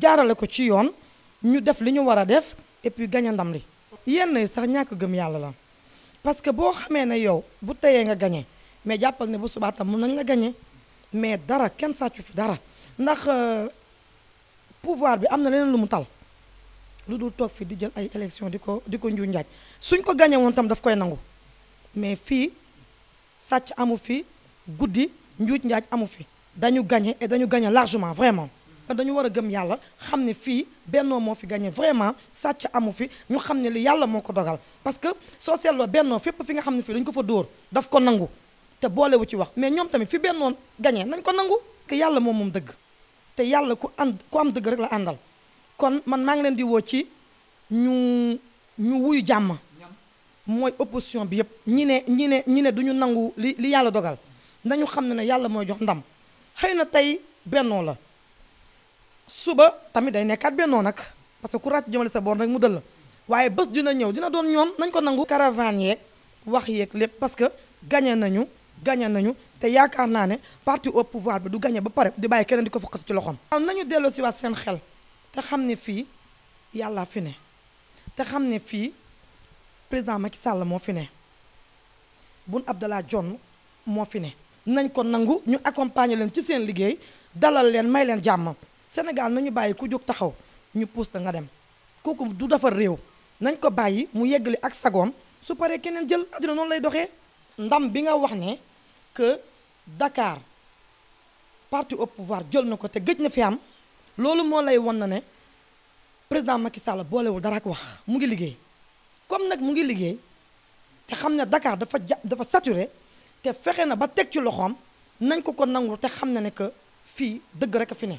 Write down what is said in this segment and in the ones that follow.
jaarale ko ci yoon ñu def li ñu war a def et puis gañ ndam li yenn sax ñàkk gëm yàlla la parce que boo xamee ne yow bu teyee nga gagné mais jàppal ne bu subaa tam mun nañ la gagné mais dara kenn sàccu fi dara ndax euh, pouvoir bi am na leneen lu mu tal lu dul toog fi di jël ay élection di ko di ko nju njaaj suñ ko gagné woon tam daf koy nangu mais fii sàcc amu fi guddi njuuj njaaj amu fi dañu gagné et dañu gagné largement vraiment dañu war a gëm yàlla xam ne fii bennoo moo fi gañee vraiment sàcc amu fi ñu xam ne li yàlla moo ko dogal parce que soo seetloo bennoo fépp fi nga xam ne fii dañ ko fa dóor daf ko nangu te boolewu ci wax mais ñoom tamit fi bennoo gagné nañ ko nangu que yàlla moom moom dëgg te yàlla ku ànd ku am dëgg rek la àndal kon man maa ngi leen di woo ci ñu ñu wuyu jàmm mooy opposition bi yëpp ñi ne ñi ne ñi ne duñu nangu li li yàlla dogal nañu xam ne ne yàlla mooy jox ndam xëy na tey bennoo la suba tamit day nekkaat bennoo nag parce que ku ràcc jëmale sa boor rek mu dëll waaye bés dina ñëw dina doon ñoom nañ ko nangu caravane yee wax yeeg lépp parce que gagné nañu gagné nañu te yaakaar naa ne partie au pouvoir bi du gagné ba pare di bàyyi keneen di ko foqas ci loxoom waaw nañu delloo si waat seen xel te xam ne fii yàlla fi ne te xam ne fii président Macky Sall moo fi ne Boun Abdallah Dionne moo fi ne nañ ko nangu ñu accompagner leen ci seen liggéey dalal leen may leen jàmm Sénégal nañu bàyyi ku jóg taxaw ñu puus ta nga dem kooku du defar réew nañ ko bàyyi mu yeggali ak sagoom su paree keneen jël àddina noonu lay doxee ndam bi nga wax ne que Dakar parti au pouvoir jël na ko te gëj na fi am loolu moo lay won na ne président Macky Sall boolewul dara ak wax mu ngi liggéey comme nag mu ngi liggéey te xam ne dakaar dafa ja dafa sature te fexe na ba teg ci loxoom nañ ko ko nangul te xam na ne que fii dëgg rek a fi ne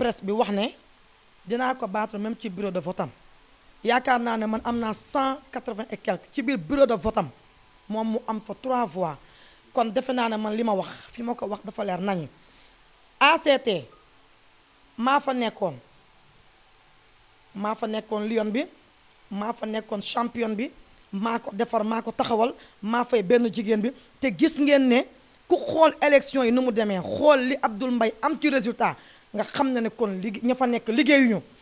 presse bi wax ne dinaa ko battre même ci bureau de votam yaakaar naa ne man am naa cent quatre-vingt ci biir bureau de votam moom mu am fa trois voix kon defe naa ne man li ma wax fi ma ko wax dafa leer nañu ACT maa fa nekkoon maa fa nekkoon lion bi maa fa nekkoon champion bi maa ko defar maa ko taxawal maa fay benn jigéen bi te gis ngeen ne Si xool élection yi nu mu demee li Abdoul Mbaye am résultat nga xam